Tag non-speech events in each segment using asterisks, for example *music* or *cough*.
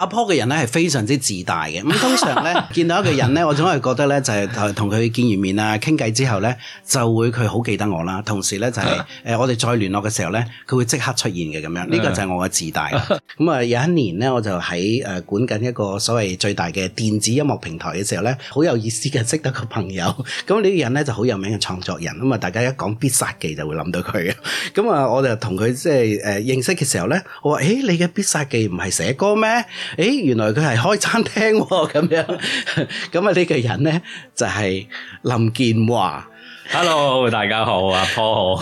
阿 Paul 嘅人咧係非常之自大嘅，咁通常咧見到一個人咧，我總係覺得咧就係同佢見完面啊傾偈之後咧，就會佢好記得我啦。同時咧就係誒我哋再聯絡嘅時候咧，佢會即刻出現嘅咁樣。呢個就係我嘅自大。咁啊 *laughs* 有一年咧，我就喺誒管緊一個所謂最大嘅電子音樂平台嘅時候咧，好有意思嘅識得個朋友。咁呢個人咧就好有名嘅創作人，咁啊大家一講必殺技就會諗到佢嘅。咁啊我就同佢即係誒認識嘅時候咧，我話誒你嘅必殺技唔係寫歌咩？誒、欸、原來佢係開餐廳喎，咁樣咁啊呢個人呢？就係林健華。Hello，大家好 *laughs* 啊，Paul。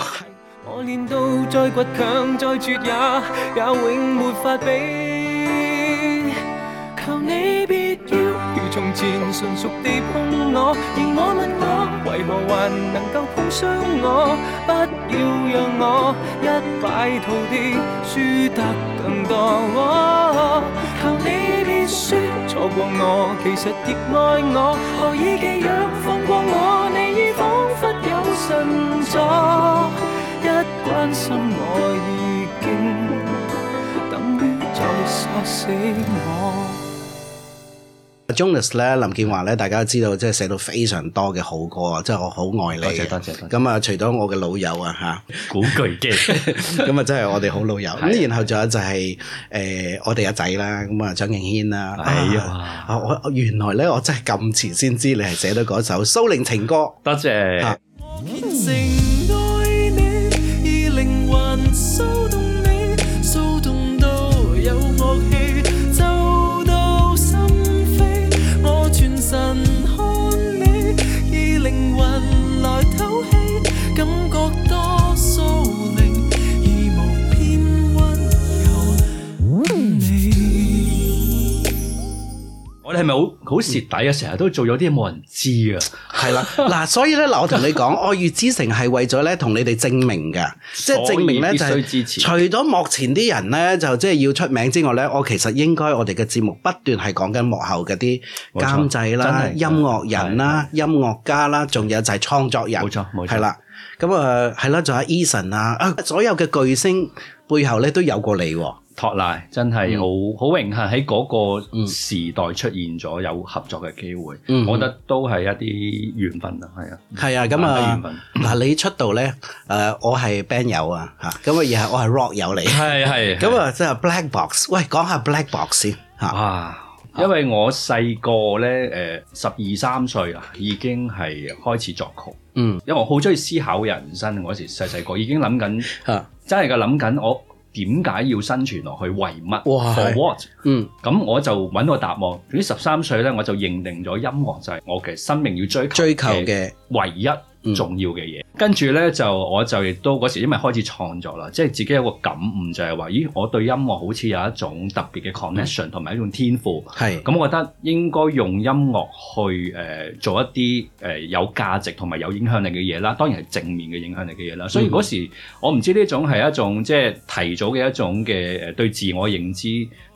不要讓我一敗塗地，輸得更多，哦。求你別説錯過我，其實亦愛我。何以技癢放過我？ *laughs* 你已彷彿有神助， *laughs* 一關心我已經等於再殺死我。Joanus 咧，林健華咧，大家都知道即係寫到非常多嘅好歌啊，即係我好愛你。多謝多謝。咁啊，除咗我嘅老友啊吓，古巨基，咁啊真係我哋好老友。咁然後仲有就係誒，我哋阿仔啦，咁啊張敬軒啦。係啊，我原來咧我真係咁遲先知你係寫到嗰首《騷靈情歌》。多謝。好蝕底啊！成日都做咗啲嘢冇人知。 *laughs* *laughs* 啊，係啦，嗱，所以咧，嗱，我同你講，《愛粵之城》係為咗咧同你哋證明嘅， *laughs* 即係證明咧就除咗幕前啲人咧，就即係要出名之外咧，我其實應該我哋嘅節目不斷係講緊幕後嘅啲監製啦、音樂人啦、的音樂家啦，仲有就係創作人，冇錯，冇錯，係啦，咁、嗯、啊，係啦，仲有 Eason 啊，所有嘅巨星背後咧都有過你喎、啊。託賴真係好好榮幸喺嗰個時代出現咗有合作嘅機會，嗯、我覺得都係一啲緣分啊，係啊，係啊，咁啊，嗱你出道呢，誒、呃、我係 band 友啊，嚇，咁啊而係我係 rock 友嚟。係係，咁啊即係 black box，喂，講下 black box 先、啊、嚇，哇啊、因為我細個呢，誒，十二三歲啊，已經係開始作曲，嗯，因為我好中意思考人生，我嗰時細細個已經諗緊，嚇，嗯、 *laughs* 真係嘅諗緊我。點解要生存落去為乜？For what？嗯，咁我就揾個答案。總之十三歲咧，我就認定咗音樂就係我嘅生命要追求嘅唯一重要嘅嘢。跟住咧就我就亦都嗰時因為開始創作啦，即係自己有個感悟就係、是、話咦，我對音樂好似有一種特別嘅 connection 同埋是一種天賦係咁我覺得應該用音樂去誒、呃、做一啲誒有價值同埋有影響力嘅嘢啦，當然係正面嘅影響力嘅嘢啦。是所以嗰時我唔知呢種係一種即係提早嘅一種嘅誒對自我認知，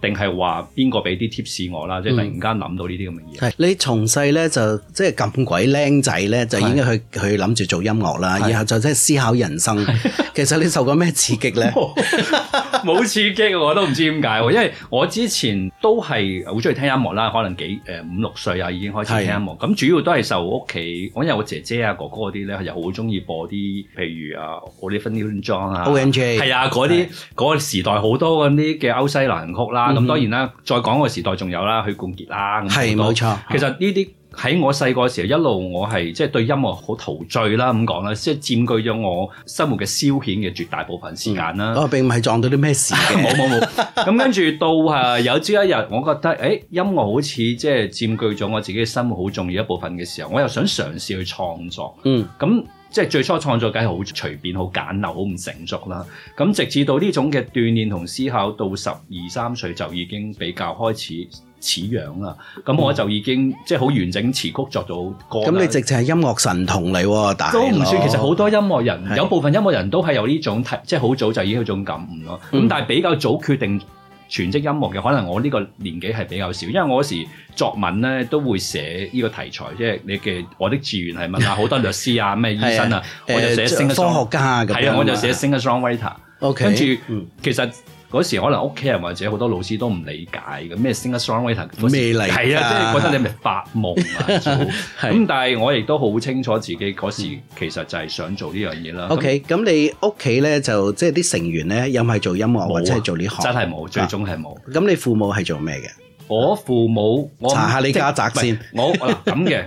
定係話邊個俾啲 tips 我啦？即係突然間諗到呢啲咁嘅嘢。係你從細咧就即係咁鬼靚仔咧，就已經去去諗住做音樂啦。然後就真係思考人生， *laughs* 其實你受過咩刺激咧？冇 *laughs* 刺激啊！我都唔知點解，因為我之前都係好中意聽音樂啦，可能幾誒、呃、五六歲啊已經開始聽音樂，咁是主要都係受屋企，有我有個姐姐啊哥哥嗰啲咧又好中意播啲，譬如啊嗰啲 Funky Jazz 啊，OMG 係啊，嗰啲嗰個時代好多嗰啲嘅歐西流行曲啦。咁當然啦，嗯、再講個時代仲有啦，許冠傑啦。係冇錯。其實呢啲。喺我細個嘅時候，一路我係即係對音樂好陶醉啦，咁講啦，即係佔據咗我生活嘅消遣嘅絕大部分時間啦。嗯、我並唔係撞到啲咩事嘅，冇冇冇。咁跟住到誒有朝一日，我覺得誒、哎、音樂好似即係佔據咗我自己生活好重要一部分嘅時候，我又想嘗試去創作。嗯。咁即係最初創作梗係好隨便、好簡陋、好唔成熟啦。咁直至到呢種嘅鍛鍊同思考，到十二,十二三歲就已經比較開始。似樣啦，咁我就已經即係好完整詞曲作到歌。咁你直情係音樂神童嚟，都唔算。其實好多音樂人，有部分音樂人都係有呢種，即係好早就已經有種感悟咯。咁但係比較早決定全職音樂嘅，可能我呢個年紀係比較少，因為我時作文咧都會寫呢個題材，即係你嘅我的志願係問下好多律師啊、咩醫生啊，我就寫科學家。係啊，我就寫。Okay，跟住其實。嗰時可能屋企人或者好多老師都唔理解嘅咩 singer-songwriter，未嚟係啊，啊，即係覺得你係咪發夢啊咁 *laughs* 但係我亦都好清楚自己嗰時其實就係想做 okay, 那呢樣嘢啦。O K，咁你屋企咧就即係啲成員咧有冇係做音樂、啊、或者做呢行？真係冇，最終係冇。咁、啊、你父母係做咩嘅？我父母，我查下你家宅即先。是 *laughs* 我咁嘅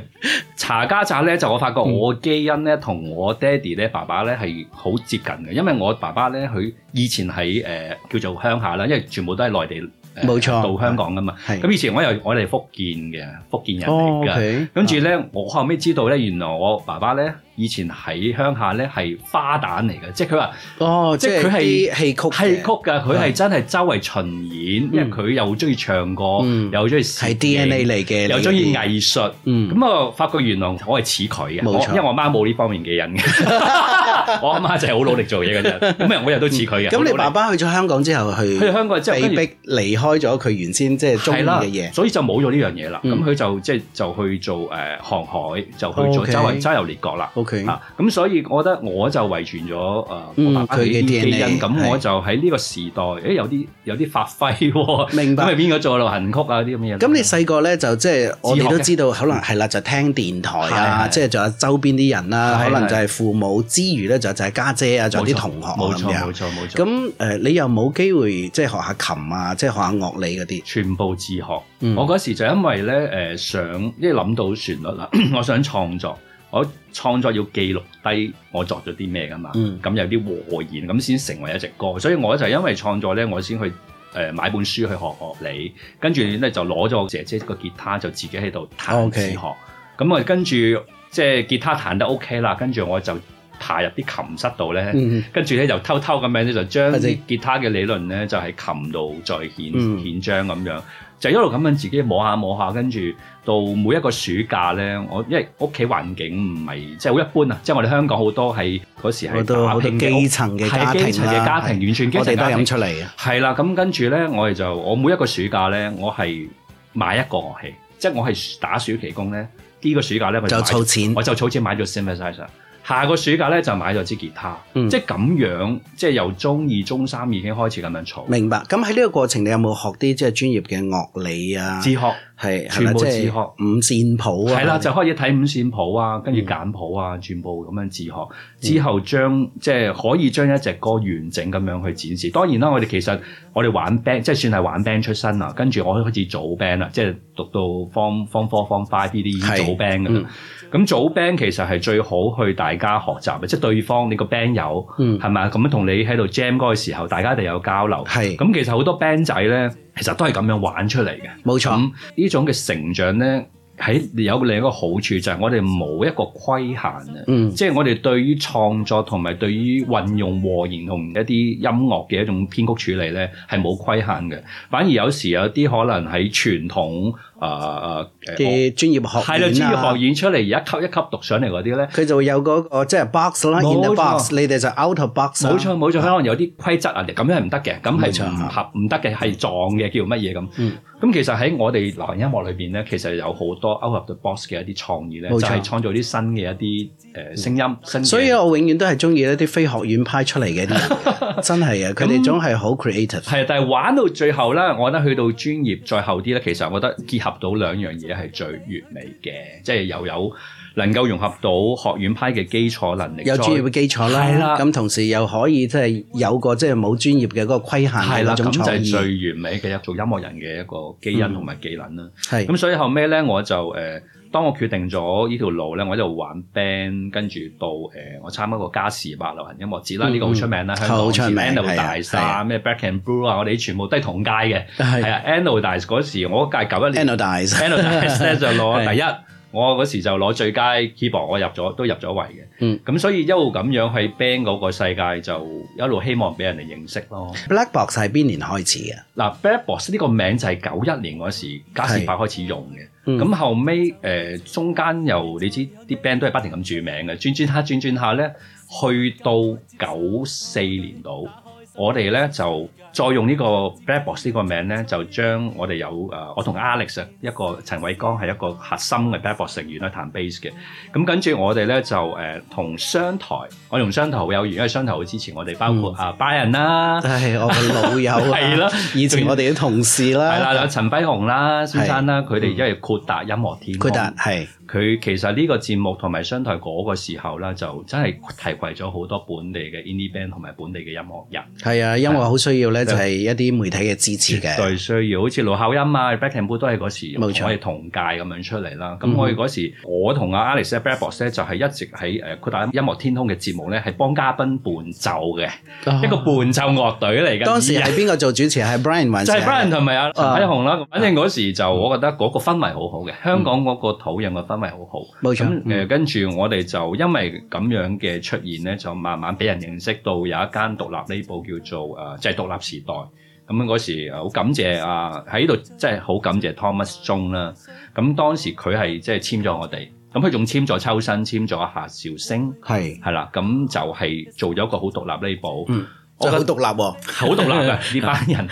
查家宅咧，就我發覺我基因咧，同我爹哋咧、爸爸咧係好接近嘅。因為我爸爸咧，佢以前喺誒、呃、叫做鄉下啦，因為全部都係內地，冇、呃、錯錯到香港噶嘛。咁的以前我又我哋福建嘅福建人嚟噶，哦、okay, 跟住咧的我後尾知道咧，原來我爸爸咧。以前喺鄉下咧係花旦嚟嘅，即係佢話，哦，即係啲戲曲戲曲㗎，佢係真係周圍巡演，因為佢又中意唱歌，又中意係 DNA 嚟嘅，又中意藝術，咁啊，發覺原來我係似佢嘅，因為我媽冇呢方面嘅人嘅，我阿媽就係好努力做嘢嘅啫，咁我每日都似佢嘅。咁你爸爸去咗香港之後，去去香港之後被逼離開咗佢原先即係中意嘅嘢，所以就冇咗呢樣嘢啦。咁佢就即係就去做誒航海，就去做周圍周遊列國啦。咁所以，我覺得我就遺傳咗誒爸爸嘅基因，咁我就喺呢個時代，誒有啲有啲發揮，明白？咁係邊個作流行曲啊？啲咁嘅嘢。咁你細個咧就即係我哋都知道，可能係啦，就聽電台啊，即係仲有周邊啲人啦，可能就係父母之餘咧，就就係家姐啊，仲有啲同學。冇錯，冇錯，冇錯。咁誒，你又冇機會即係學下琴啊，即係學下樂理嗰啲，全部自學。我嗰時就因為咧誒想，即係諗到旋律啦，我想創作。我創作要記錄低我作咗啲咩㗎嘛，咁、嗯、有啲和弦咁先成為一隻歌，所以我就因為創作咧，我先去誒、呃、買本書去學樂理，跟住咧就攞咗姐姐個吉他就自己喺度彈自學，咁啊、okay. 跟住即係吉他彈得 OK 啦，跟住我就爬入啲琴室度咧，嗯、跟住咧就偷偷咁樣咧就將啲吉他嘅理論咧就喺琴度再顯顯彰咁樣。就一路咁樣自己摸下摸下，跟住到每一個暑假咧，我因為屋企環境唔係即係好一般啊，即係我哋香港好多係嗰時係打拼基層嘅家庭完全基層家庭的出嚟啊，係啦，咁跟住咧，我哋就我每一個暑假咧，我係買一個樂器，即係我係打暑期工咧，呢、這個暑假咧就湊錢，我就湊錢買咗 synthesizer。下個暑假咧就買咗支吉他，嗯，即係咁樣，即由中二、中三已經開始咁樣做。明白。咁喺呢個過程，你有冇學啲即係專業嘅樂理啊？自學。係全部自學五線譜啊，係啦，就開始睇五線譜啊，跟住簡譜啊，嗯、全部咁樣自學。之後將即係、就是、可以將一隻歌完整咁樣去展示。當然啦，我哋其實我哋玩 band，即係算係玩 band 出身啦。跟住我開始組 band 啦，即係讀到 form four form five 呢啲已經組 band 噶啦。咁、嗯、組 band 其實係最好去大家學習嘅，即、就、係、是、對方你個 band 友，係咪、嗯？咁樣同你喺度 jam 歌嘅時候，大家一定有交流。係咁的，的其實好多 band 仔咧。其實都係咁樣玩出嚟嘅，冇錯。呢、嗯、種嘅成長呢，喺有另一個好處就係我哋冇一個規限嘅，嗯、即係我哋對於創作同埋對於運用和弦同一啲音樂嘅一種編曲處理呢，係冇規限嘅。反而有時有啲可能喺傳統，啊啊嘅專業學院啊，專業學院出嚟一級一級讀上嚟嗰啲咧，佢就會有嗰、嗰個即係 box 啦錯，in the box，錯你哋就 out of box。冇錯冇錯，可能有啲規則啊，咁樣係唔得嘅，咁係唔合唔得嘅，係撞嘅叫乜嘢咁。嗯，咁其實喺我哋流行音樂裏邊咧，其實有好多 out of the box 嘅一啲創意咧，錯就係創造啲新嘅一啲誒聲音。所以，我永遠都係中意一啲非學院派出嚟嘅啲真係啊，佢哋總係好 creative。係啊，但係玩到最後咧，我覺得去到專業再後啲咧，其實我覺得結合到兩樣嘢係最完美嘅，即係又有，有能夠融合到學院派嘅基礎能力，有專業嘅基礎啦。係啦，咁同時又可以即係有個即係冇專業嘅嗰個規限，係啦，咁就係最完美嘅一做音樂人嘅一個基因同埋技能啦。係、嗯，咁所以後尾咧，我就誒。呃當我決定咗呢條路咧，我喺度玩 band，跟住到誒、呃、我參加，加我、這個嘉士伯流行音樂節啦，呢個好出名啦，香港節 Anodize 大曬，咩 Black and Blue 啊，我哋全部都係同屆嘅，係啊 Anodize 嗰時我屆九一年 Anodize *laughs* Anodize 就攞第一。 *laughs* 我嗰時就攞最佳 keyboard，我入咗都入咗圍嘅。嗯，咁所以一路咁樣去 band 嗰個世界，就一路希望俾人哋認識咯。Black Box 係邊年開始嘅？嗱，Black Box 呢個名就係九一年嗰時嘉士伯開始用嘅。咁、嗯、後尾，誒、呃、中間又你知啲 band 都係不停咁著，著名嘅，轉轉下轉轉下咧，去到九四年度，我哋咧就。再用呢個 Black Box 呢個名咧，就將我哋有誒我同 Alex 一個陳偉剛係一個核心嘅 Black Box 成員咧，彈 bass 嘅。咁跟住我哋咧就誒同商台，我同商台好有緣，因為商台好支持我哋，包括啊拜仁啦，係我嘅老友係啦，以前我哋啲同事啦，係啦，陳輝雄啦、先生啦，佢哋而家係豁達音樂天豁達係佢其實呢個節目同埋商台嗰個時候咧，就真係提攜咗好多本地嘅 indie band 同埋本地嘅音樂人。係啊，音樂好需要咧。就係一啲媒體嘅支持嘅，對需要，好似盧巧音啊、Black Temple 都係嗰時，我、嗯我時，我哋同屆咁樣出嚟啦。咁我哋嗰時，我同阿 Alex、Black Box 咧，就係一直喺誒《擴、呃、大音樂天空》嘅節目咧，係幫嘉賓伴奏嘅，哦、一個伴奏樂隊嚟嘅。當時係邊個做主持？係 Brian 還是？就係 Brian 同埋阿陳偉雄啦。啊、反正嗰時就我覺得嗰個氛圍好好嘅，香港嗰個土壤嘅氛圍好好。冇錯、嗯。誒、嗯，嗯、跟住我哋就因為咁樣嘅出現咧，就慢慢俾人認識到有一間獨立呢部叫做誒，就係、係、獨立時代，咁嗰時好感謝啊，喺呢度真係好感謝 Thomas Jong 啦、啊，咁當時佢係即係簽咗我哋，咁佢仲簽咗秋生，簽咗夏兆星，係係是啦，咁就係做咗一個好獨立呢部。嗯好獨立喎，好獨立嘅呢班人，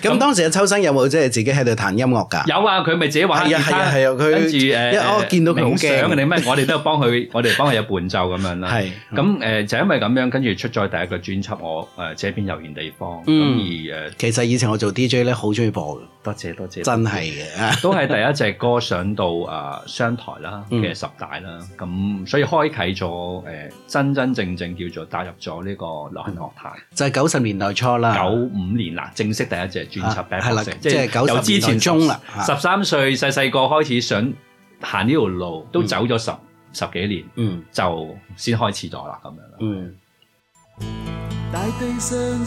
咁當時嘅秋生有冇即係自己喺度彈音樂噶？有啊，佢咪自己玩啊。係啊，係啊，佢跟住誒，我見到佢好驚定咩？我哋都有幫佢，我哋幫佢有伴奏咁樣啦。係。咁誒就因為咁樣，跟住出咗第一個專輯，我誒這片悠然地方咁而誒。其實以前我做 DJ 咧，好中意播嘅。多謝多謝，真係嘅，都係第一隻歌上到誒商台啦嘅十大啦。咁所以開啓咗誒真真正正叫做打入咗呢個流行樂壇。就九十年代初啦，九五年啦，正式第一隻專輯《b a c 即係九之前中啦。十三歲細細個開始想行呢條路，都走咗十、嗯、十幾年，嗯，就先開始咗啦，咁樣。嗯。大地上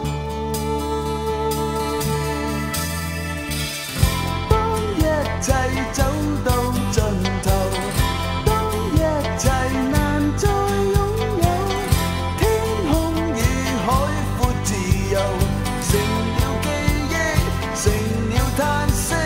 一切走到盡頭，當一切難再擁有，天空與海闊自由，成了記憶，成了嘆息。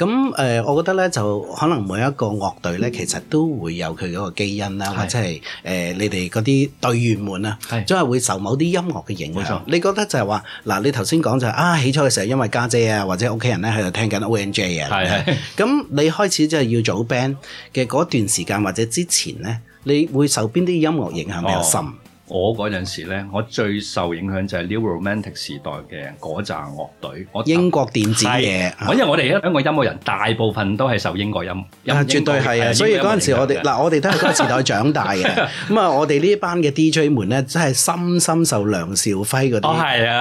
咁誒、嗯，我覺得咧，就可能每一個樂隊咧，其實都會有佢嗰個基因啦，是的 或者係、就、誒、是呃、你哋嗰啲隊員們啊，即係是的 會受某啲音樂嘅影響。冇沒錯 你覺得就係話嗱，你頭先講就係、是、啊，起初嘅時候因為家姐啊或者屋企人咧喺度聽緊 O N J 啊，係係是的、嗯。咁你開始即係要做 band 嘅嗰段時間或者之前咧，你會受邊啲音樂影響比較深？哦。我嗰陣時咧，我最受影響就係 New Romantic 時代嘅嗰紮樂隊。英國電子嘢，因為我哋香港音樂人大部分都係受英國音，啊絕對係啊！所以嗰陣時我哋嗱，我哋都喺嗰時代長大嘅。咁啊，我哋呢班嘅 DJ 們咧真係深深受梁兆輝嗰啲，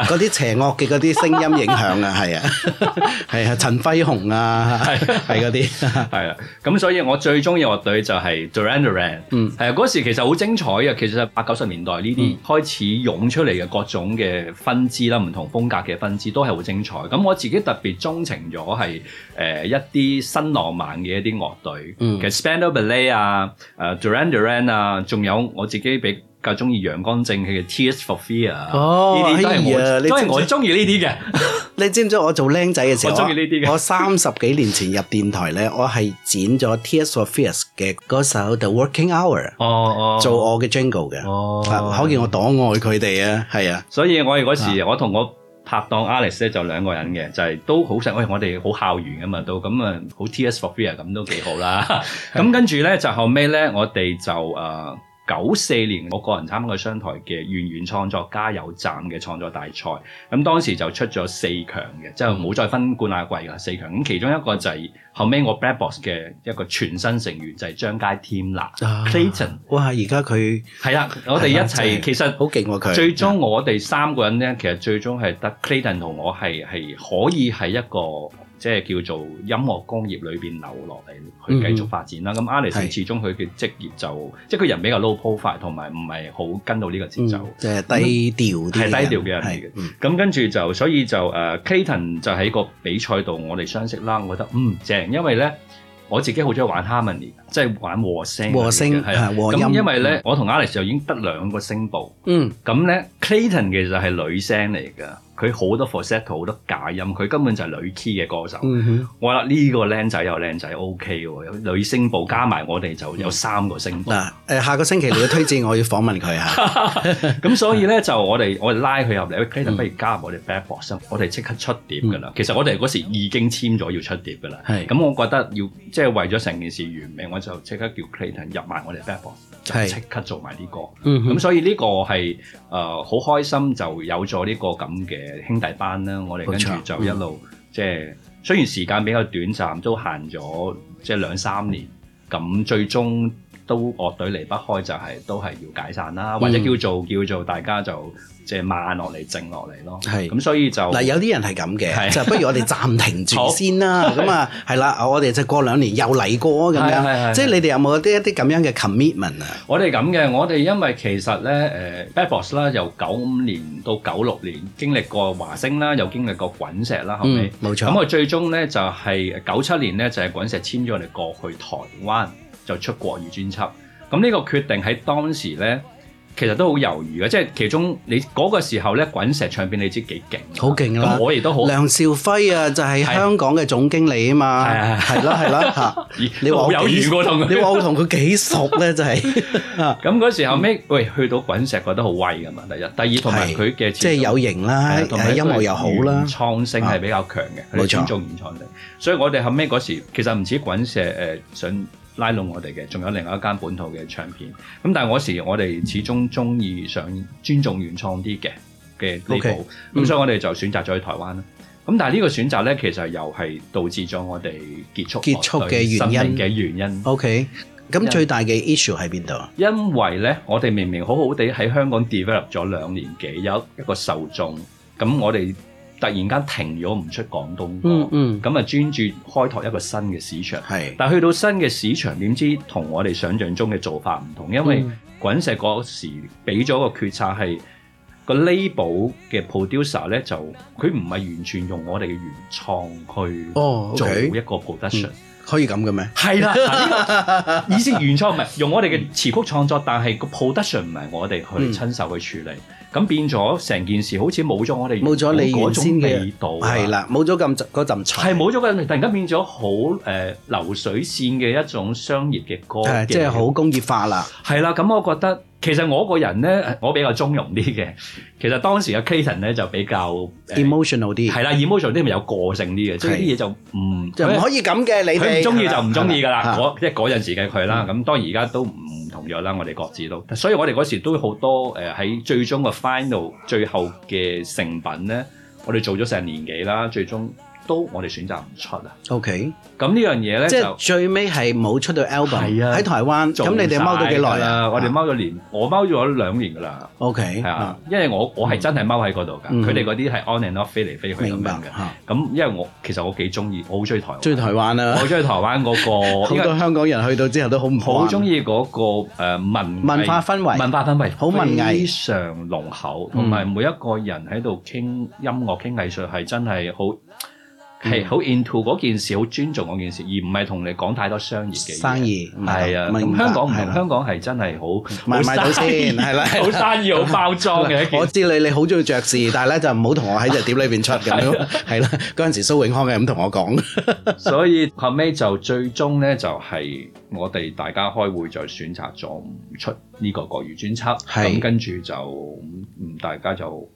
嗰啲邪惡嘅嗰啲聲音影響啊，係啊，係啊，陳輝虹啊，係嗰啲，係啊。咁所以我最中意樂隊就係 Duran Duran，係啊。嗰時其實好精彩嘅，其實八九十年代。呢啲開始湧出嚟嘅各種嘅分支啦，唔同風格嘅分支都係好精彩。咁我自己特別鍾情咗係誒一啲新浪漫嘅一啲樂隊，其實、嗯、Spandau Ballet 啊、誒、呃、Duran Duran 啊，仲有我自己比較中意陽光正氣嘅 Tears for Fear。啊。呢啲、哦、都係我中意呢啲嘅。你知唔知我做僆仔嘅時候，我鍾意呢啲嘅。我三十幾年前入電台咧， *laughs* 我係剪咗 Tears for Fears 嘅嗰首 The Working Hour，哦哦，做我嘅 Jingle 嘅，哦，哦可見我躲愛佢哋啊，係啊，所以我嗰時、嗯、我同我拍檔 Alex 咧就兩個人嘅，就係、是、都好實、哎，我哋好校園嘅嘛，嗯、都咁啊好 Tears for Fears 咁都幾好啦，咁 *laughs* *laughs* 跟住咧就後尾咧我哋就誒。啊九四年我個人參加商台嘅原原創作加油站嘅創作大賽，咁當時就出咗四強嘅，即係冇再分冠亞季㗎四強。咁其中一個就係、是、後尾我 Black Box 嘅一個全新成員就係張佳添啦，Clayton。啊、Clay ton 哇！而家佢係啦，我哋一齊、就是、其實好勁喎佢。最終我哋三個人咧，其實最終係得 Clayton 同我係係可以係一個。即係叫做音樂工業裏邊流落嚟去繼續發展啦。咁、嗯、Alex 是始終佢嘅職業就即係佢人比較 low profile，同埋唔係好跟到呢個節奏，即係、嗯就是、低調啲，係低調嘅人嚟嘅。咁是跟住就所以就誒、uh,，Clayton 就喺個比賽度我哋相識啦。我覺得嗯正，因為咧我自己好中意玩 harmony，即係玩和聲嘅，係啊聲。咁的因為咧、嗯、我同 Alex 就已經得兩個聲部，嗯。咁咧、嗯、Clayton 其實係女聲嚟㗎。佢好多 falsetto 好多假音，佢根本就係女 key 嘅歌手。我話呢個靚仔又靚仔，OK 喎，有女聲部加埋我哋就有三個聲部。嗱、嗯，下個星期你嘅推薦我要訪問佢嚇。咁所以咧就我哋我哋拉佢入嚟，Clayton 不如加入我哋 Black Box，嗯、我哋即刻出碟噶啦。嗯、其實我哋嗰時已經簽咗要出碟噶啦。咁、嗯嗯、我覺得要即係為咗成件事完美，我就即刻叫 Clayton 入埋我哋 Black Box 就即刻做埋啲歌。咁、嗯嗯、所以呢個係誒好開心，就有咗呢個咁嘅。兄弟班啦，我哋跟住就一路、嗯、即係雖然時間比較短暫，都行咗即係兩三年，咁最終都樂隊離不開、就是，就係都係要解散啦，嗯、或者叫做叫做大家就。即係慢落嚟，靜落嚟咯。係咁，所以就嗱、啊，有啲人係咁嘅，是 *laughs* 就不如我哋暫停住先啦。咁啊好，係 *laughs* 啦，我哋就過兩年又嚟過咁樣。即係你哋有冇啲一啲咁樣嘅 commitment 啊？我哋咁嘅，我哋因為其實咧，誒，Black Box 啦，由九五年到九六年經歷過華星啦，又經歷過滾石啦，係咪？冇、嗯、錯。咁我最終咧就係九七年咧就係、是、滾石簽咗我哋過去台灣，就出國語專輯。咁呢個決定喺當時咧。其實都好猶豫嘅，即係其中你嗰個時候咧，滾石唱片你知幾勁，好勁咯！我亦都好。梁兆輝啊，就係香港嘅總經理啊嘛。係係係啦係啦嚇，你好猶豫喎，你話我同佢幾熟咧？就係咁嗰時後尾，喂，去到滾石覺得好威噶嘛？第一、第二，同埋佢嘅即係有型啦，同埋音樂又好啦，創性係比較強嘅。冇錯，注重原創性，所以我哋後尾嗰時其實唔止滾石誒想拉攏我哋嘅，仲有另外一間本土嘅唱片。咁但係嗰時我哋始終中意想尊重原創啲嘅嘅 group。咁 Okay. 所以我哋就選擇咗去台灣啦。咁、嗯、但係呢個選擇咧，其實又係導致咗我哋結束結束嘅原因嘅原因。O K，咁最大嘅 issue 喺邊度？因為咧，我哋明明好好地喺香港 develop 咗兩年幾，有一個受眾。咁我哋突然間停咗唔出廣東歌，咁啊、嗯嗯、專注開拓一個新嘅市場。是但係去到新嘅市場，點知同我哋想象中嘅做法唔同，因為滾石嗰時俾咗個決策係、嗯、個 label 嘅 producer 咧，就佢唔係完全用我哋嘅原創去做一個 production，、哦 okay 嗯、可以咁嘅咩？係啦， *laughs* 個意思原創唔係用我哋嘅詞曲創作，但係個 production 唔係我哋去、嗯、親手去處理。咁變咗成件事好似冇咗我哋嗰種味道，係啦，冇咗咁嗰陣，係冇咗個，突然間變咗好、呃、流水線嘅一種商業嘅歌，即係好工業化啦。係啦，咁我覺得。其實我個人咧，我比較中庸啲嘅。其實當時嘅 Clayton 咧就比較 emotional 啲，係啦，emotional 啲咪有個性啲嘅，所以啲嘢就唔即唔可以咁嘅。你哋佢中意就唔中意㗎啦。嗰即係嗰陣時嘅佢啦。咁的當然而家都唔同樣啦。我哋各自都。所以我哋嗰時都好多誒，喺、呃、最終嘅 final 最後嘅成品咧，我哋做咗成年幾啦，最終。都我哋選擇唔出啊。O K，咁呢樣嘢咧，即係最尾係冇出到 album 喺台灣。咁你哋踎咗幾耐啊？我哋踎咗年，我踎咗兩年噶啦。O K，係啊，因為我我係真係踎喺嗰度㗎。佢哋嗰啲係 on and off 飛嚟飛去咁樣嘅。咁因為我其實我幾中意，我好中意台灣，中意台灣啊！我中意台灣嗰個好多香港人去到之後都好唔好？好中意嗰個誒文文化氛圍，文化氛圍好文藝，非常濃厚，同埋每一個人喺度傾音樂、傾藝術係真係好。係好 into 嗰件事，好尊重嗰件事，而唔係同你講太多商業嘅嘢。商業係啊，香港唔香港係真係好賣唔賣到先係啦，好生意好包裝嘅。我知你你好中意爵士，但係咧就唔好同我喺隻碟裏邊出咁樣。係啦，嗰陣時蘇永康係咁同我講，所以後尾就最終咧就係我哋大家開會再選擇咗唔出呢個國語專輯，咁跟住就唔大家就。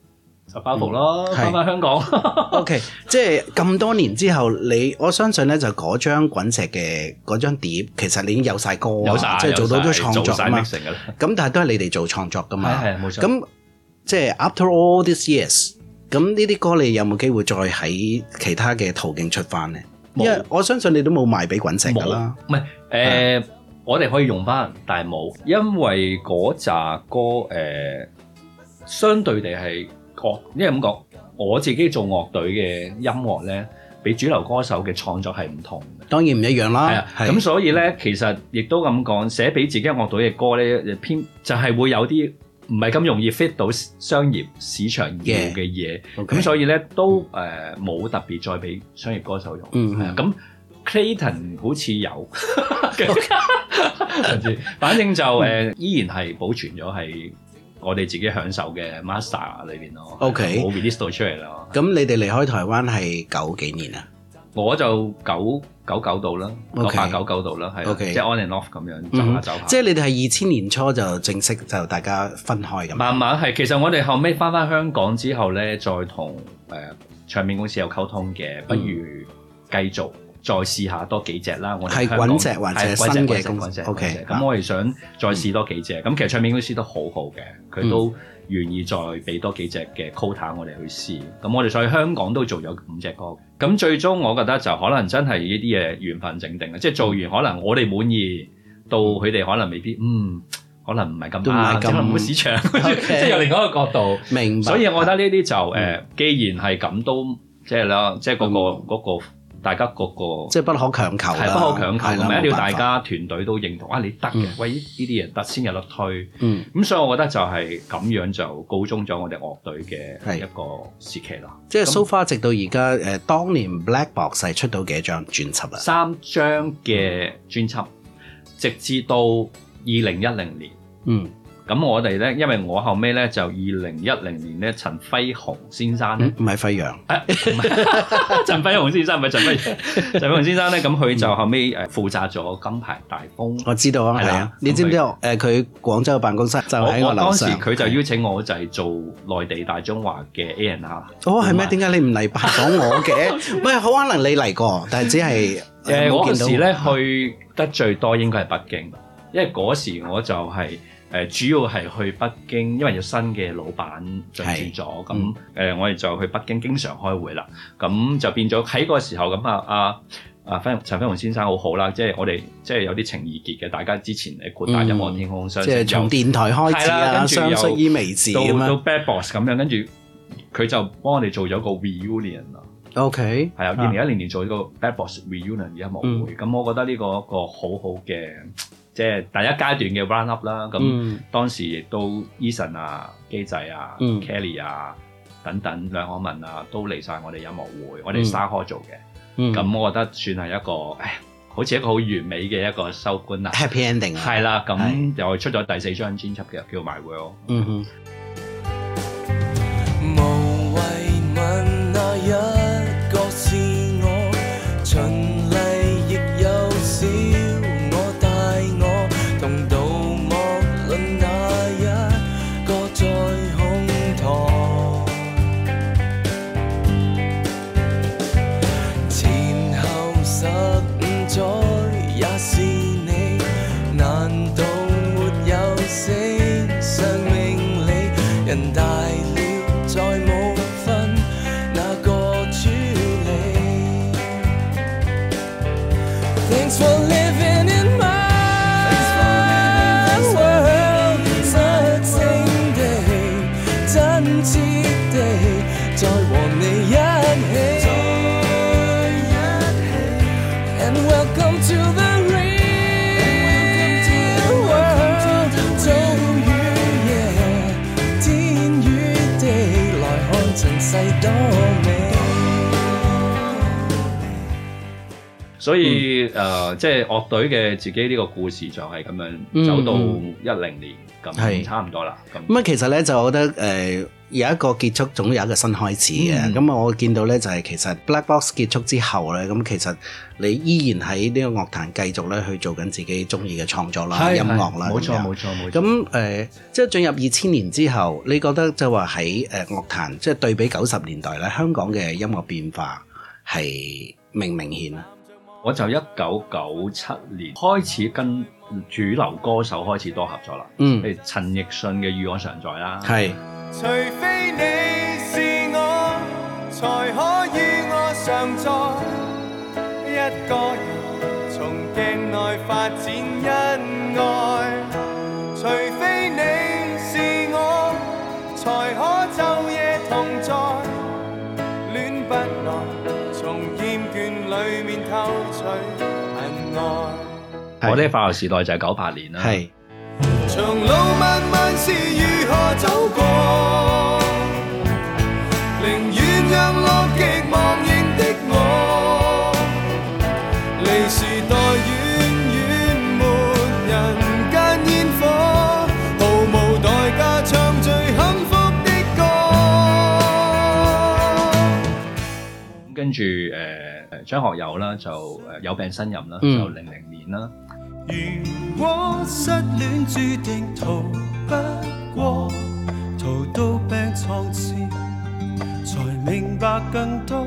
包袱咯，翻返是香港。 *laughs* o、okay, K，即係咁多年之後，你我相信咧，就嗰張滾石嘅嗰張碟，其實你已經有晒歌，有大即係做到咗創作咁，但係都係你哋做創作噶嘛。冇錯、咁、嗯、即係 After all these years，咁呢啲歌你有冇機會再喺其他嘅途徑出翻呢？有因為我相信你都冇賣俾滾石噶啦。唔係，誒，呃、嗎我哋可以用翻，但係冇，因為嗰扎歌誒、呃，相對地係。因為咁講，我自己做樂隊嘅音樂咧，比主流歌手嘅創作係唔同嘅。當然唔一樣啦。係啊的，咁的所以咧，其實亦都咁講，寫俾自己樂隊嘅歌咧，偏就係、是、會有啲唔係咁容易 fit 到商業市場要嘅嘢。咁 Yeah. Okay. 所以咧都誒冇、嗯、特別再俾商業歌手用。嗯，嗯。咁 Clayton 好似有，反正就誒、呃、依然係保存咗係。我哋自己享受嘅 master 裏邊咯，冇 release 到出嚟咯。咁 Okay. 你哋離開台灣係九幾年啊？我就九九九度啦，Okay. 九,八九九九度啦，係 OK，即係 on and off 咁樣走下走下、嗯。即係你哋係二千年初就正式就大家分開咁。慢慢係。其實我哋後尾翻返香港之後咧，再同誒唱片公司有溝通嘅，不如繼續。再試下多幾隻啦，我哋香港係滾石還是新嘅公司？OK，咁我哋想再試多幾隻。咁其實唱片公司都好好嘅，佢都願意再俾多幾隻嘅 quota 我哋去試。咁我哋所以香港都做咗五隻歌。咁最終我覺得就可能真係呢啲嘢緣分整定啦。即係做完，可能我哋滿意，到佢哋可能未必，嗯，可能唔係咁啱。咁嘅市場，即係由另一個角度。明白。所以我覺得呢啲就誒，既然係咁，都即係啦，即係嗰個嗰個。大家、那個個即係不可強求，係不可強求嘅，一定的要大家團隊都認同啊！你得嘅，嗯、喂呢啲嘢得先有得推。嗯，咁所以我覺得就係咁樣就告終咗我哋樂隊嘅一個時期啦。即係 so far 那直到而家誒，當年 Black 博士出到幾張專輯啊？三張嘅專輯，嗯、直至到二零一零年。嗯。咁我哋咧，因為我後屘咧就二零一零年咧，陳輝雄先生唔係輝陽，陳輝雄先生唔係陳輝陽。陳輝雄先生咧，咁佢就後屘誒負責咗金牌大風。我知道啊，係啊，你知唔知道？誒，佢廣州嘅辦公室就喺我樓上。佢就邀請我就係做內地大中華嘅 A&R。哦，係咩？點解你唔嚟拜訪我嘅？唔係，好可能你嚟過，但係只係誒嗰時咧去得最多應該係北京，因為嗰時我就係。誒主要係去北京，因為有新嘅老闆進駐咗，咁誒、嗯呃、我哋就去北京經常開會啦。咁就變咗喺個時候咁啊，阿、啊、阿、啊、陳陳飛鴻先生好好啦，即係我哋即係有啲情意結嘅，大家之前誒擴大音樂天空相識即係從電台開始啦，跟相識於微時到到 Black Box 咁樣，跟住佢就幫我哋做咗個 Reunion 啦 Okay,。OK，係啊，二零一零年做個 Black Box Reunion 音樂會，咁、嗯嗯、我覺得呢、呢個一個好好嘅。即係第一階段嘅 run up 啦，咁當時亦都 Eason 啊、基仔啊、嗯、Kelly 啊等等兩行文啊都嚟晒我哋音樂會，嗯、我哋沙盒做嘅，咁、嗯、我覺得算係一個好似一個好完美嘅一個收官啦、啊，Happy Ending 啊，係啦，咁就出咗第四張專輯嘅叫 My World。所以誒、嗯呃，即係樂隊嘅自己呢個故事就係咁樣走到一零年咁、嗯、差唔多啦。咁咁啊，其實呢，就我覺得誒、呃、有一個結束總有一個新開始嘅。咁、嗯、我見到呢，就係、是、其實 Black Box 結束之後呢，咁其實你依然喺呢個樂壇繼續呢去做緊自己鍾意嘅創作啦、是音樂啦，冇錯冇錯冇錯。咁誒，即係進入二千年之後，你覺得就話喺誒樂壇即係、就是、對比九十年代呢，香港嘅音樂變化係明唔明顯啊？我就一九九七年開始跟主流歌手開始多合作啦，誒嗯、陳奕迅嘅《與我常在》啦是，係。除非你是我，才可以我常在一個人從鏡內發展恩愛我哋快樂時代就係九八年啦。係。長路漫漫是如何走過，寧願讓樂極忘形的我，離時代遠遠沒人間煙火，毫無代價唱最幸福的歌。咁跟住誒，張學友啦就有病呻吟啦，就零零年啦。如果失戀注定逃不過，逃到病牀前，才明白更多。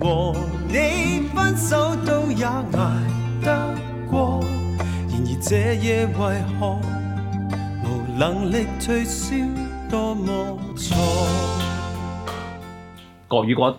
和 *noise* 你分手都也捱得過，然而這夜為何無能力退燒多麼錯？國語歌。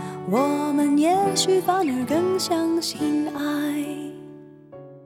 我們也許更相信愛，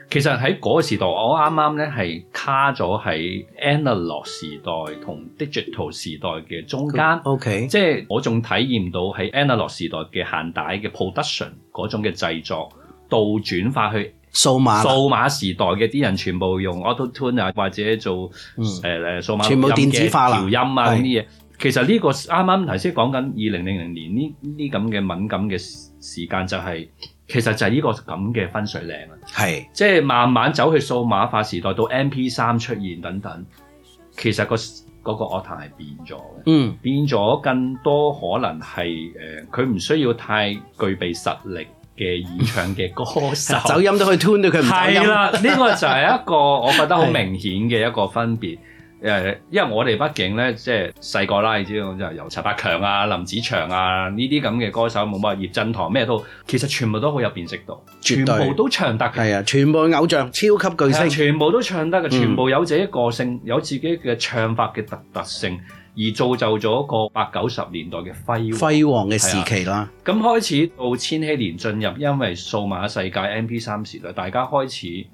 其實喺嗰個時代，我啱啱咧係卡咗喺 analog 時代同 digital 時代嘅中間，Good. Okay. 即係我仲體驗到喺 analog 時代嘅限帶嘅 production 嗰種嘅製作，倒轉化去數碼數碼時代嘅啲人全部用 auto tune 啊，或者做誒誒、嗯呃、數碼、啊、全部電子化啦，調音啊啲嘢。其實呢個啱啱頭先講緊二零零零年呢啲咁嘅敏感嘅時間，就係，就係其實就係呢個咁嘅分水嶺啊。係是，即係慢慢走去數碼化時代，到 MP 三出現等等，其實個嗰個樂壇係變咗嘅。嗯，變咗更多可能係誒，佢、呃、唔需要太具備實力嘅演唱嘅歌手， *laughs* 走音都可以 tune 到佢唔走音啦。呢、呢個就係一個我覺得好明顯嘅一個分別。 *laughs* 誒，因為我哋畢竟咧，即係細個啦，你知道就由陳百強啊、林子祥啊呢啲咁嘅歌手，冇乜葉振棠咩都，其實全部都好有辨識度，對全部都唱得，係啊，全部偶像、超級巨星，啊、全部都唱得嘅，全部有自己個性，嗯、有自己嘅唱法嘅特特性，而造就咗一個八九十年代嘅輝輝煌嘅時期啦。咁、啊、開始到千禧年進入，因為數碼世界 M P 三時代，大家開始。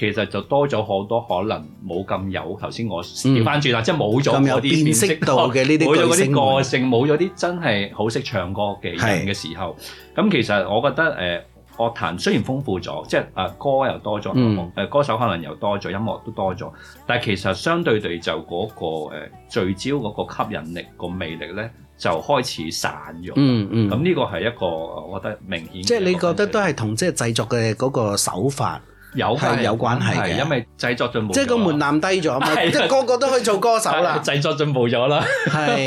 其實就多咗好多可能冇咁有，嗯、頭先我調翻轉啦，即係冇咗嗰啲變色度嘅呢啲個性，冇咗啲個性，冇咗啲真係好識唱歌嘅人嘅時候，咁是其實我覺得誒、呃、樂壇雖然豐富咗，即係啊歌又多咗，誒、嗯、歌手可能又多咗，音樂都多咗，但係其實相對地就嗰、那個、呃、聚焦嗰個吸引力個魅力咧就開始散咗、嗯，嗯嗯，咁呢個係一個我覺得明顯、嗯，即係你覺得都係同即係製作嘅嗰個手法。有係有關係嘅，因為製作進步，即係個門檻低咗的即係個個都可以做歌手啦的。的製作進步咗啦 *laughs* 的，係。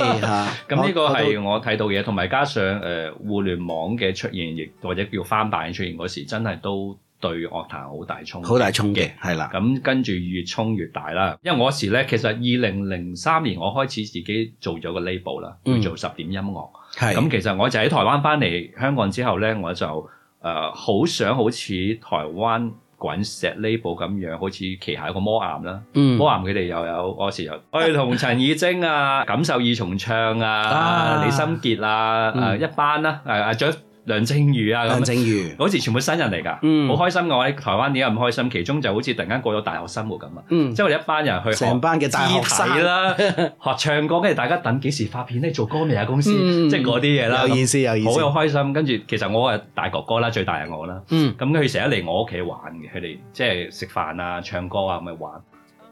咁呢個係我睇到嘢，同埋加上誒互聯網嘅出現，亦或者叫翻版出現嗰時，真係都對樂壇好大衝擊，好大衝擊，係啦。咁跟住越衝越大啦。因為我時咧，其實二零零三年我開始自己做咗個 label 啦，叫、嗯、做十點音樂。係咁的，其實我就喺台灣翻嚟香港之後咧，我就誒好、呃、想好似台灣，滾石呢部咁樣，好似旗下一個魔岩啦，嗯、魔岩佢哋又有嗰時又，我哋同陳綺貞啊、錦繡二重唱啊、啊李心潔啊、誒、嗯、一班啦、啊，誒阿張，啊梁靜茹啊，梁靜茹，嗰時全部新人嚟㗎，好、嗯、開心㗎喎！喺台灣點解咁開心？其中就好似突然間過咗大學生活咁啊！嗯、即係我哋一班人去學班大學醫體啦， *laughs* 學唱歌，跟住大家等幾時發片咧？做歌未啊公司，嗯、即係嗰啲嘢啦。有意思，有意思。好有開心，跟住其實我係大哥哥啦，最大係我啦。咁佢成日嚟我屋企玩嘅，佢哋即係食飯啊、唱歌啊咁樣玩。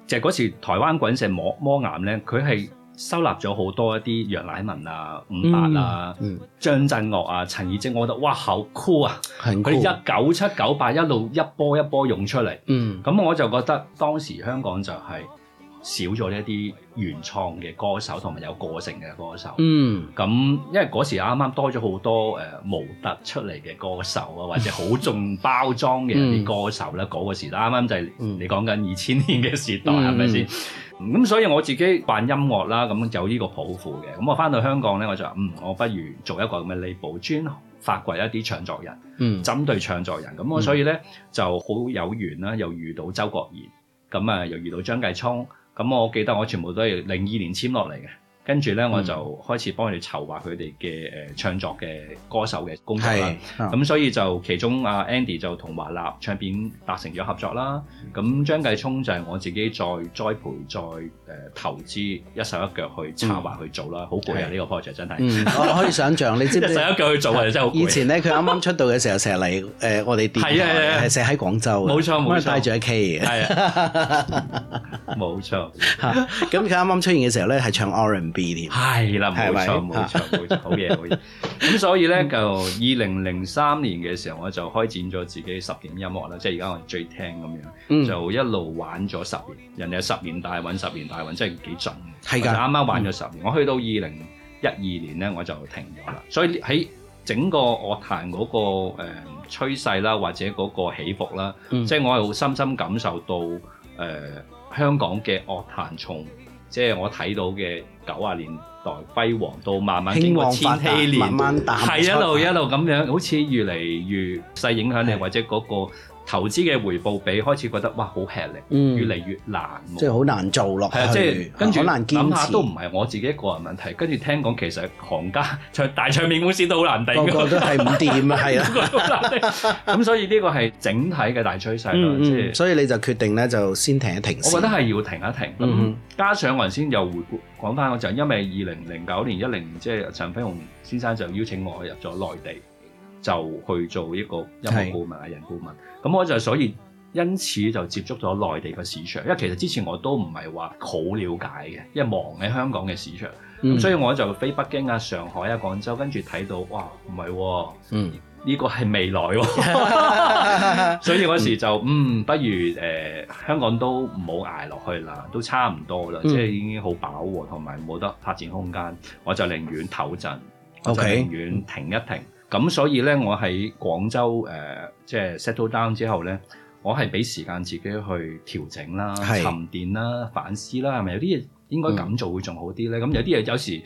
就係嗰時台灣滾石魔魔岩咧，佢係。收納咗好多一啲楊乃文啊、伍佰啊、嗯嗯、張震岳啊、陳綺貞，我覺得哇，好酷啊！佢、啊、一九七九八一路一波一波湧出嚟，咁、嗯、我就覺得當時香港就係少咗呢一啲原創嘅歌手同埋有個性嘅歌手。咁、嗯、因為嗰時啱啱多咗好多誒模特出嚟嘅歌手啊，或者好重包裝嘅一啲歌手咧。嗰、嗯、個時，啱啱就係你講緊二千年嘅時代，係咪先？嗯咁所以我自己扮音樂啦，咁有呢個抱負嘅。咁我翻到香港咧，我就話：嗯，我不如做一個咁嘅禮簿，專發掘一啲唱作人，嗯、針對唱作人。咁我所以咧就好有緣啦，又遇到周國賢，咁啊又遇到張繼聰。咁我記得我全部都係零二年簽落嚟嘅。跟住咧，我就開始幫佢哋籌劃佢哋嘅誒唱作嘅歌手嘅工作啦。咁所以就其中阿 Andy 就同華納唱片達成咗合作啦。咁張繼聰就係我自己再栽培、再誒投資一手一腳去策劃去做啦。好攰啊！呢個 project 真係，我可以想像你知唔知一手一腳去做啊，真係好。以前咧，佢啱啱出道嘅時候，成日嚟誒我哋店係啊係，成日喺廣州冇錯冇錯，拉住啲 key 冇錯。咁佢啱啱出現嘅時候咧，係唱 o r a n 係啦，冇錯冇錯冇錯，好嘢好嘢。咁 *laughs* 所以呢，就二零零三年嘅時候，我就開展咗自己拾點音樂啦，即係而家我最聽咁樣，嗯、就一路玩咗十年。人哋有十年大運，十年大運真係幾準。係㗎的，啱啱玩咗十年，嗯、我去到二零一二年呢，我就停咗啦。所以喺整個樂壇嗰個誒趨勢啦，或者嗰個起伏啦，即係、嗯、我係深深感受到誒、呃、香港嘅樂壇從。即係我睇到嘅九啊年代輝煌，到慢慢經過千禧年，係一路一路咁樣，好似越嚟越細影響力，的或者嗰、那個。投資嘅回報比開始覺得哇，好吃力，越嚟越難，即係好難做落去，好難堅持。諗下都唔係我自己個人問題，跟住聽講其實行家，大唱片公司都好難定，個個都係唔掂啊？係啊，個個都難定，咁所以呢個係整體嘅大趨勢，即係。所以你就決定咧，就先停一停。我覺得係要停一停。加上我先又回顧講翻嗰陣，因為二零零九年一零即係陳飛雄先生就邀請我入咗內地。就去做一個音樂顧問啊，人顧問咁，的我就所以因此就接觸咗內地嘅市場，因為其實之前我都唔係話好了解嘅，因為忙喺香港嘅市場，咁、嗯、所以我就飛北京啊、上海啊、廣州，跟住睇到哇，唔係，嗯，呢個係未來。 *laughs* *laughs* *laughs* 所以嗰時就嗯，不如誒、呃、香港都唔好捱落去啦，都差唔多啦，嗯、即係已經好飽、啊，同埋冇得發展空間，我就寧願唞陣，我就寧願停一停。Okay, 咁所以咧，我喺廣州誒，即係 settle down 之後咧，我係俾時間自己去調整啦、沉澱啦、反思啦，係咪有啲嘢應該咁做會仲好啲咧？咁有啲嘢有時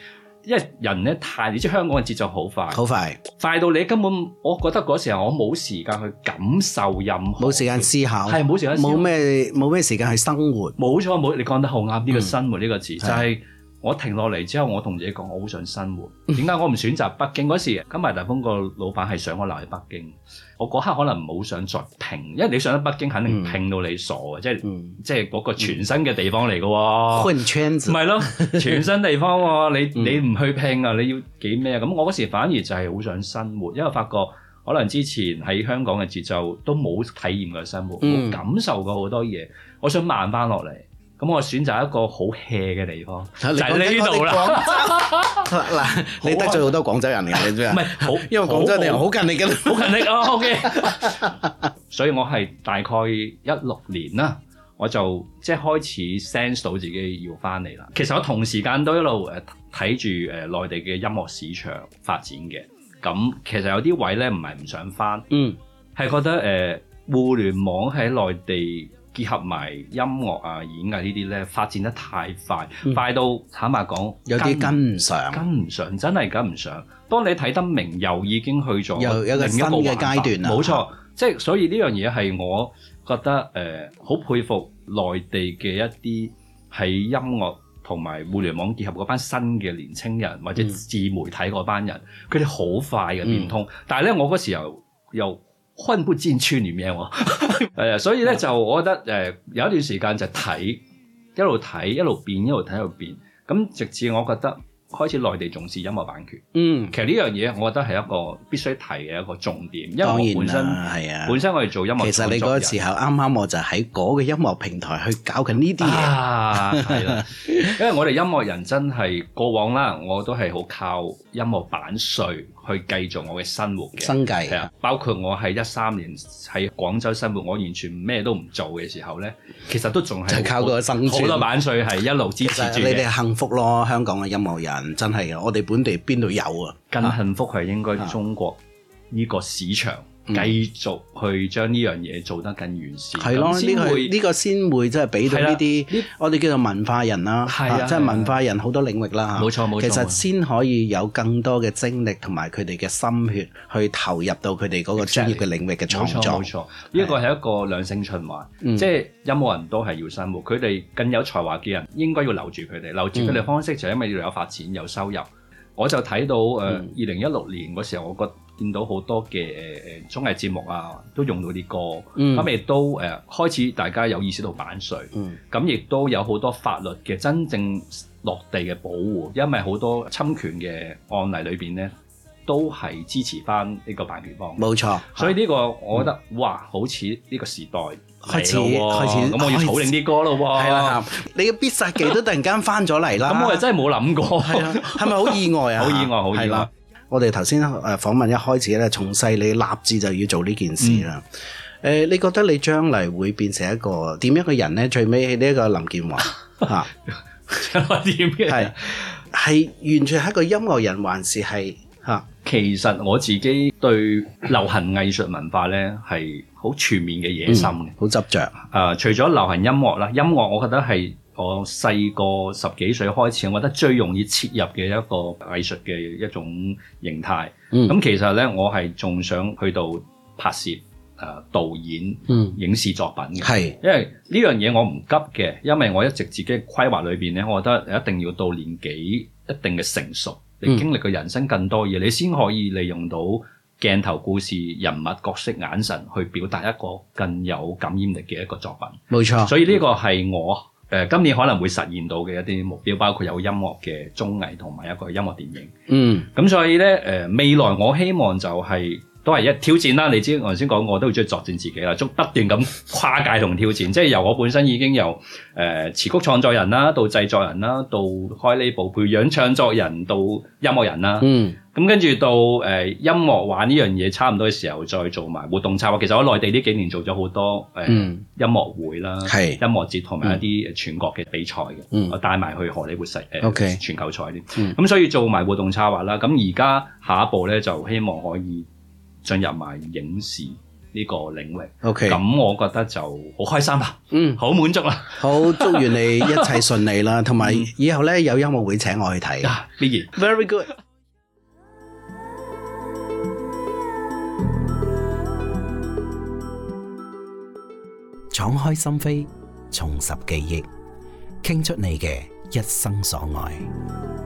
因為人咧太，即係香港嘅節奏好快，好快，快到你根本我覺得嗰時候我冇時間去感受任何，冇時間思考，係冇時間思考，冇咩冇咩時間去生活，冇錯冇，你講得好啱呢個生活呢個字就係。我停落嚟之後，我同自己講：我好想生活。點解我唔選擇北京嗰、嗯、時？咁埋大風個老闆係想我留喺北京。我嗰刻可能冇想再拼，因為你上咗北京，肯定拼到你傻嘅，即係、嗯、即係嗰個全新嘅地方嚟嘅喎。混圈子，唔係咯，全新地方， *laughs* 你你唔去拼啊？你要幾咩啊？咁我嗰時反而就係好想生活，因為發覺可能之前喺香港嘅節奏都冇體驗過生活，冇、嗯、感受過好多嘢，我想慢翻落嚟。咁我選擇一個好 hea 嘅地方，你說 就係呢度啦。嗱， *laughs* *laughs* 你得罪好多廣州人㗎，你知唔知？好， *laughs* 因為廣州人好勤力嘅，好勤很力啊。 *laughs* OK， *laughs* 所以我係大概一六年啦，我就即係開始 sense 到自己要翻嚟啦。其實我同時間都一路誒睇住誒內地嘅音樂市場發展嘅。咁其實有啲位咧唔係唔想翻，嗯，係覺得誒、呃、互聯網喺內地。結合埋音樂啊、演藝呢啲咧，發展得太快，嗯、快到坦白講，有啲跟唔上，跟唔上，跟唔上真係跟唔上。當你睇得明，又已經去咗另一個階段，冇、啊、錯，的即係所以呢樣嘢係我覺得誒好、呃、佩服內地嘅一啲喺音樂同埋互聯網結合嗰班新嘅年青人，或者自媒體嗰班人，佢哋好快嘅變通。嗯、但係咧，我嗰時又又。又又均不知穿啲咩喎，所以呢，就我覺得有一段時間就睇一路睇一路變一路睇一路變，咁直至我覺得。開始內地重視音樂版權，嗯，其實呢樣嘢我覺得係一個必須提嘅一個重點，因為我本身係啊，本身我哋做音樂創作人。其實你嗰時候啱啱我就喺嗰個音樂平台去搞緊呢啲嘢，係啦、啊 *laughs* 啊，因為我哋音樂人真係過往啦，我都係好靠音樂版稅去繼續我嘅生活嘅生計，係啊，包括我喺一三年喺廣州生活，我完全咩都唔做嘅時候咧，其實都仲係靠嗰個生好多版稅係一路支持住你哋 *laughs* 幸福咯，香港嘅音樂人。真係嘅，我哋本地邊度有啊？更幸福係應該中國呢個市場。繼續去將呢樣嘢做得更完善，係咯？呢個呢個先會即係俾到呢啲，我哋叫做文化人啦，即係文化人好多領域啦，冇錯冇錯。其實先可以有更多嘅精力同埋佢哋嘅心血去投入到佢哋嗰個專業嘅領域嘅創作。冇錯，呢一個係一個良性循環，即係任何人都係要生活。佢哋更有才華嘅人應該要留住佢哋，留住佢哋方式就係因為要有發展、有收入。我就睇到誒二零一六年嗰時候，我覺得。見到好多嘅誒誒綜藝節目啊，都用到啲歌，咁亦都誒開始大家有意識到版稅，咁亦都有好多法律嘅真正落地嘅保護，因為好多侵權嘅案例裏邊咧，都係支持翻呢個版權方。冇錯，所以呢個我覺得哇，好似呢個時代開始開始，咁我要儲定啲歌咯喎。係啦、啊，你嘅必殺技都突然間翻咗嚟啦。咁我係真係冇諗過，係啊，係咪好意外啊？好意外，好意外。我哋頭先誒訪問一開始咧，從細你立志就要做呢件事啦。誒、嗯呃，你覺得你將來會變成一個點樣嘅人呢？最尾呢一個林健華吓，點嘅？係完全係一個音樂人，還是係吓？其實我自己對流行藝術文化呢係好全面嘅野心好執着。誒、嗯呃，除咗流行音樂啦，音樂我覺得係。我細個十幾歲開始，我覺得最容易切入嘅一個藝術嘅一種形態。咁、嗯、其實呢，我係仲想去到拍攝、誒、呃、導演、嗯影視作品嘅。係是，因為呢樣嘢我唔急嘅，因為我一直自己規劃裏邊呢，我覺得一定要到年紀一定嘅成熟，你經歷嘅人生更多嘢，嗯、你先可以利用到鏡頭、故事、人物、角色、眼神去表達一個更有感染力嘅一個作品。冇錯，所以呢個係我。誒，今年可能會實現到嘅一啲目標，包括有音樂嘅綜藝同埋一個音樂電影。嗯，咁所以咧，誒未來我希望就係。都係一挑戰啦！你知我頭先講，我都好中意作戰自己啦，做不斷咁跨界同挑戰。即係由我本身已經由誒詞曲創作人啦，到製作人啦，到開呢部培養唱作人，到音樂人啦。嗯。咁跟住到誒音樂玩呢樣嘢，差唔多嘅時候，再做埋活動策劃。其實我喺內地呢幾年做咗好多誒、呃、音樂會啦，係、嗯、音樂節同埋一啲全國嘅比賽嘅。嗯嗯、我帶埋去荷里活世誒、OK、全球賽添。咁所以做埋活動策劃啦。咁而家下一步咧，就希望可以。進入埋影視呢個領域，OK，咁我覺得就好開心啦，嗯，好滿足啦，好，祝願你一切順利啦，同埋以後呢有音樂會請我去睇。啊，必然，very good，敞開心扉，重拾記憶，傾出你嘅一生所愛。